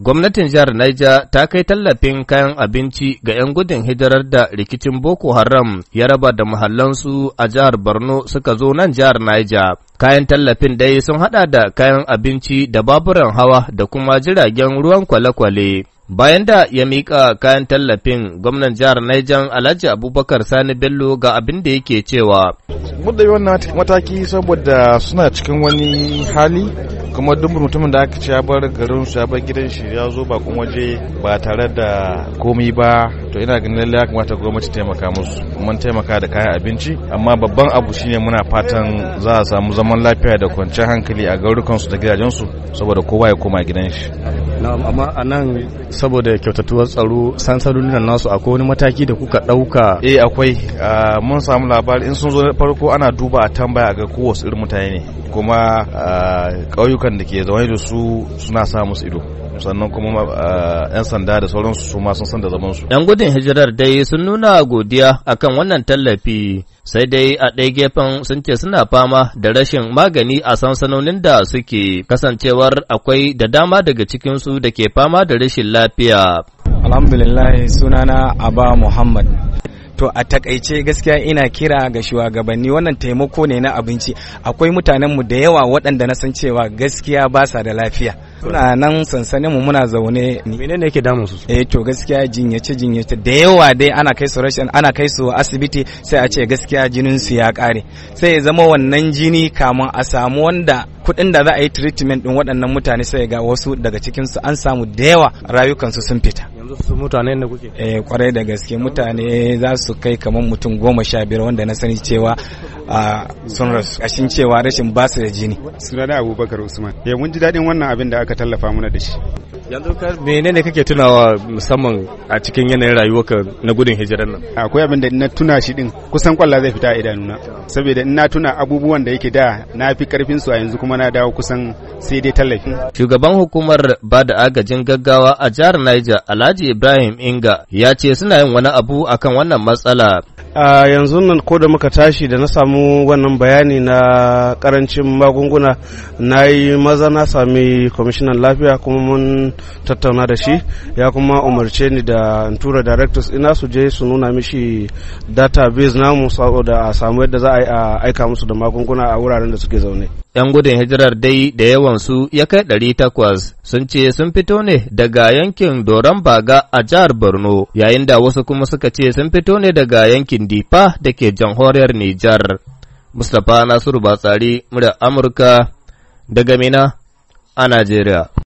Gwamnatin jihar Niger ta kai tallafin kayan abinci ga 'yan gudun hijirar da rikicin Boko Haram ya raba da muhallansu a jihar Borno suka zo nan jihar Niger. Kayan tallafin dai sun hada da kayan abinci da baburan hawa da kuma jiragen ruwan kwale-kwale. Bayan da ya miƙa kayan tallafin gwamnan jihar Niger Alhaji Abubakar Sani Bello ga abin da yake cewa. Muda yi wannan mataki saboda suna cikin wani hali kuma duk mutumin da aka ci ya bar garin su ya bar gidan shi ya zo bakon waje ba tare da komai ba to ina ganin lallai ya kamata gwamnati taimaka musu mun taimaka da kayan abinci amma babban abu shine muna fatan za a samu zaman lafiya da kwanciyar hankali a su da gidajensu saboda kowa ya koma gidan shi amma a nan saboda kyautatuwar tsaro san nan nasu akwai wani mataki da kuka ɗauka eh akwai ah, mun samu labari in sun zo na farko ana duba a tambaya ga kowace irin mutane ne kuma ah, ƙauyukan da ke zaune da su suna sa musu ido sannan kuma eh, yan sanda da sauransu su ma sun san da zamansu. yan gudun hijirar dai sun nuna godiya akan wannan tallafi sai dai a ɗaya gefen sun ce suna fama da rashin magani a sansanonin da suke kasancewar akwai da dama daga cikinsu da ke fama da rashin lafiya. alhamdulillah sunana aba muhammad to a takaice gaskiya ina kira ga shugabanni wannan taimako ne na abinci akwai mutanenmu da yawa waɗanda na san cewa gaskiya ba sa da lafiya suna nan sansanin mu muna zaune menene yake damun su eh to gaskiya jinyace jinyace da yawa dai ana kai su rashin ana kai su asibiti sai a ce gaskiya jinin su ya kare sai ya zama wannan jini kamun a samu wanda kuɗin da za a yi treatment din waɗannan mutane sai ga wasu daga cikin su an samu da yawa rayukansu sun fita yanzu su mutane da kuke eh kwarai da gaske mutane za su kai kamar mutum goma sha biyar wanda na sani cewa sun rasu kashin cewa rashin basu da jini sunana abubakar usman eh mun ji daɗin wannan abin da aka tallafa mana da shi yanzu ka menene kake tunawa musamman a cikin yanayin rayuwarka na gudun hijiran nan akwai abin da na tuna shi din kusan kwalla zai fita a idanuna saboda ina tuna abubuwan da yake da na fi karfin su a yanzu kuma na dawo kusan sai dai tallafi shugaban hukumar ba da agajin gaggawa a jihar Niger Alhaji Ibrahim Inga ya ce suna yin wani abu akan wannan matsala a yanzu nan ko da muka tashi da na samu wannan bayani na karancin magunguna na yi maza na sami kwamishinan lafiya kuma mun tattauna da shi ya kuma umarce ni da tura directors ina su je su nuna mishi database namu saboda a samu yadda za a yi a aika musu da magunguna a wuraren da suke zaune 'yan gudun hijirar dai da yawansu ya kai ɗari takwas sun ce sun fito ne daga yankin doron baga a jihar borno yayin da wasu kuma suka ce sun fito ne daga yankin difa da ke jamhuriyar nijar mustapha nasiru batsari murar amurka daga mina a najeriya